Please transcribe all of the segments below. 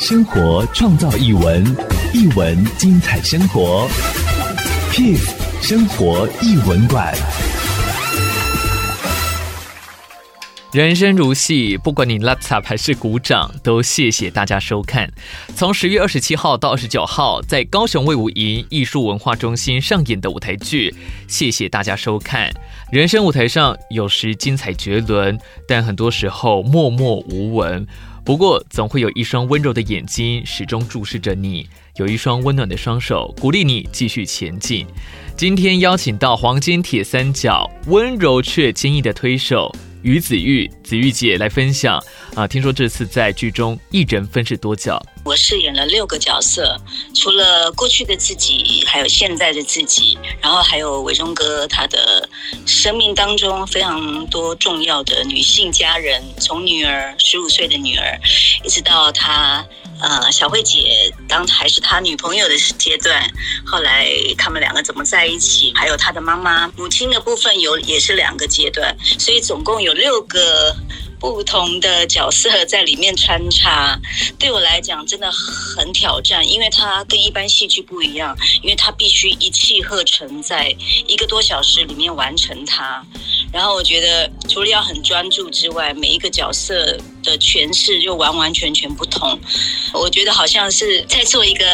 生活創造譯文，譯文精彩生活，P 生活譯文館。人生如戲，不管你拉 p 還是鼓掌，都謝謝大家收看。從十月二十七號到二十九號，在高雄魏武營藝術文化中心上演的舞台劇，謝謝大家收看。人生舞台上有時精彩絕倫，但很多時候默默無聞。不過，總會有一雙溫柔的眼睛，始終注視着你，有一雙溫暖的雙手鼓勵你繼續前進。今天邀請到黃金鐵三角，溫柔卻堅毅的推手。於子育，子育姐來分享啊！聽說這次在劇中一人分飾多角，我飾演了六個角色，除了過去的自己，還有現在的自己，然後還有偉忠哥他的生命當中非常多重要的女性家人，從女兒十五歲的女兒，一直到他。呃，小慧姐當還是她女朋友的階段，後來他們兩個怎麼在一起，還有她的媽媽母親的部分有，也是兩個階段，所以總共有六個不同的角色在裡面穿插。對我來講真的很挑戰，因為她跟一般戲劇不一樣，因為她必須一氣呵成，在一個多小時裡面完成它。然後我覺得，除了要很專注之外，每一個角色的詮釋又完完全全不同。我覺得好像是在做一個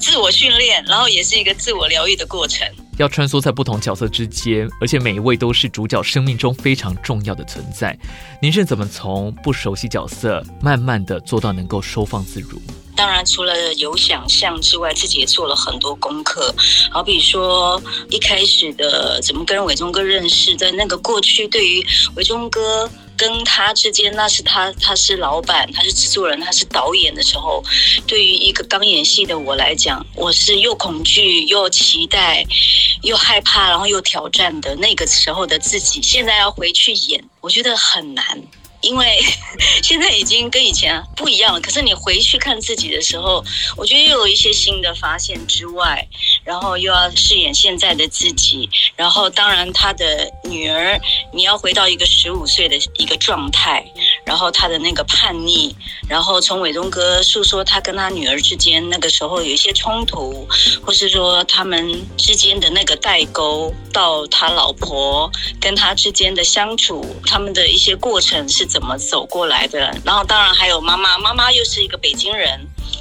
自我訓練，然後也是一個自我療癒的過程。要穿梭在不同角色之間，而且每一位都是主角生命中非常重要的存在。您是怎麼從不熟悉角色，慢慢地做到能夠收放自如？當然，除了有想象之外，自己也做了很多功課。好比說，一開始的怎麼跟偉忠哥認識的，在那個過去，對於偉忠哥跟他之間，那是他，他是老闆，他是製作人，他是導演的時候，對於一個剛演戲的我來講，我是又恐懼又期待，又害怕，然後又挑戰的。那個時候的自己，現在要回去演，我覺得很難。因為現在已經跟以前不一樣了，可是你回去看自己的時候，我覺得又有一些新的發現之外，然後又要飾演現在的自己，然後當然他的女兒，你要回到一個十五歲的一個狀態，然後他的那個叛逆。然後從偉忠哥訴說他跟他女兒之間那個時候有一些衝突，或是說他們之間的那個代溝，到他老婆跟他之間的相處，他們的一些過程是怎麼走過來的。然後當然還有媽媽，媽媽又是一個北京人，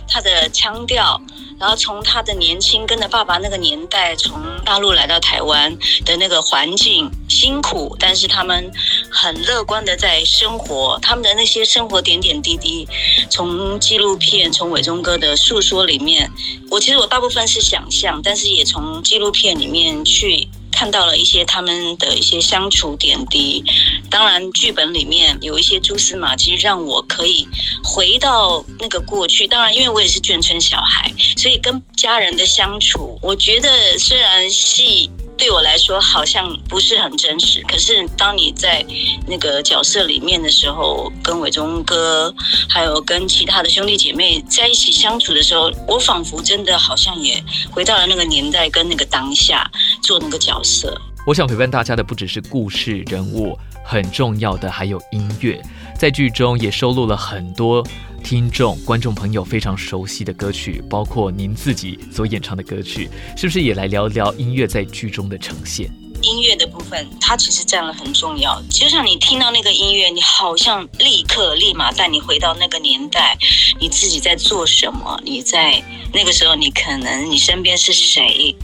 她的腔調。然後從他的年輕，跟着爸爸那個年代，從大陸來到台灣的那個環境辛苦，但是他們很樂觀的在生活，他們的那些生活點點滴滴，從紀錄片，從偉忠哥的訴說裡面，我其實我大部分是想象但是也從紀錄片裡面去看到了一些他們的一些相處點滴。當然，劇本裡面有一些蛛絲馬跡，讓我可以回到那個過去。當然，因為我也是眷村小孩，所以跟家人的相處，我覺得雖然戲對我來說好像不是很真實，可是當你在那個角色裡面的時候，跟偉忠哥，還有跟其他的兄弟姐妹在一起相處的時候，我仿佛真的好像也回到了那個年代跟那個當下，做那個角色。我想陪伴大家的不只是故事人物，很重要的還有音樂。在劇中也收錄了很多聽眾、觀眾朋友非常熟悉的歌曲，包括您自己所演唱的歌曲，是不是也來聊聊音樂在劇中的呈現？音樂的部分，它其實佔了很重要。就像你聽到那個音樂，你好像立刻立馬帶你回到那個年代，你自己在做什麼？你在那個時候，你可能你身邊是誰？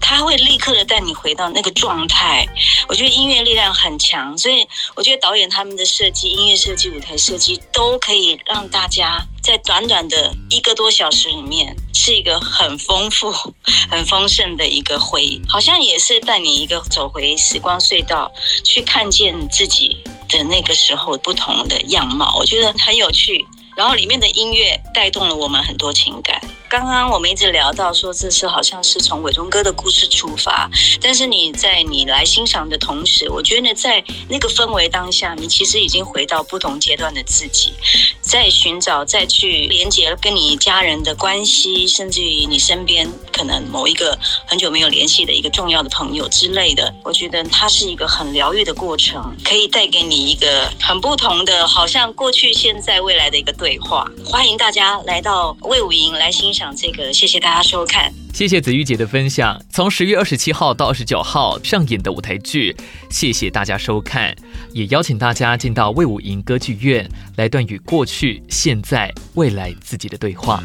他會立刻的帶你回到那個狀態。我覺得音樂力量很強，所以我覺得導演他們的設計、音樂設計、舞台設計都可以讓大家在短短的一個多小時裡面。是一個很豐富、很豐盛的一個回憶，好像也是帶你一個走回時光隧道，去看見自己的那個時候不同的樣貌，我覺得很有趣。然後裡面的音樂帶動了我們很多情感。剛剛我們一直聊到說，這次好像是從偉忠哥的故事出發，但是你在你來欣賞的同時，我覺得在那個氛圍當下，你其實已經回到不同階段的自己，在尋找、再去連接跟你家人的關係，甚至於你身邊可能某一個很久沒有聯繫的一個重要的朋友之類的，我覺得它是一個很療癒的過程，可以帶給你一個很不同的，好像過去、現在、未來的一個對話。歡迎大家來到衛武營來欣賞。講這個，謝謝大家收看。謝謝子育姐的分享。從十月二十七號到二十九號上演的舞台劇，謝謝大家收看。也邀請大家進到衛武營歌劇院，來段與過去、現在、未來自己的對話。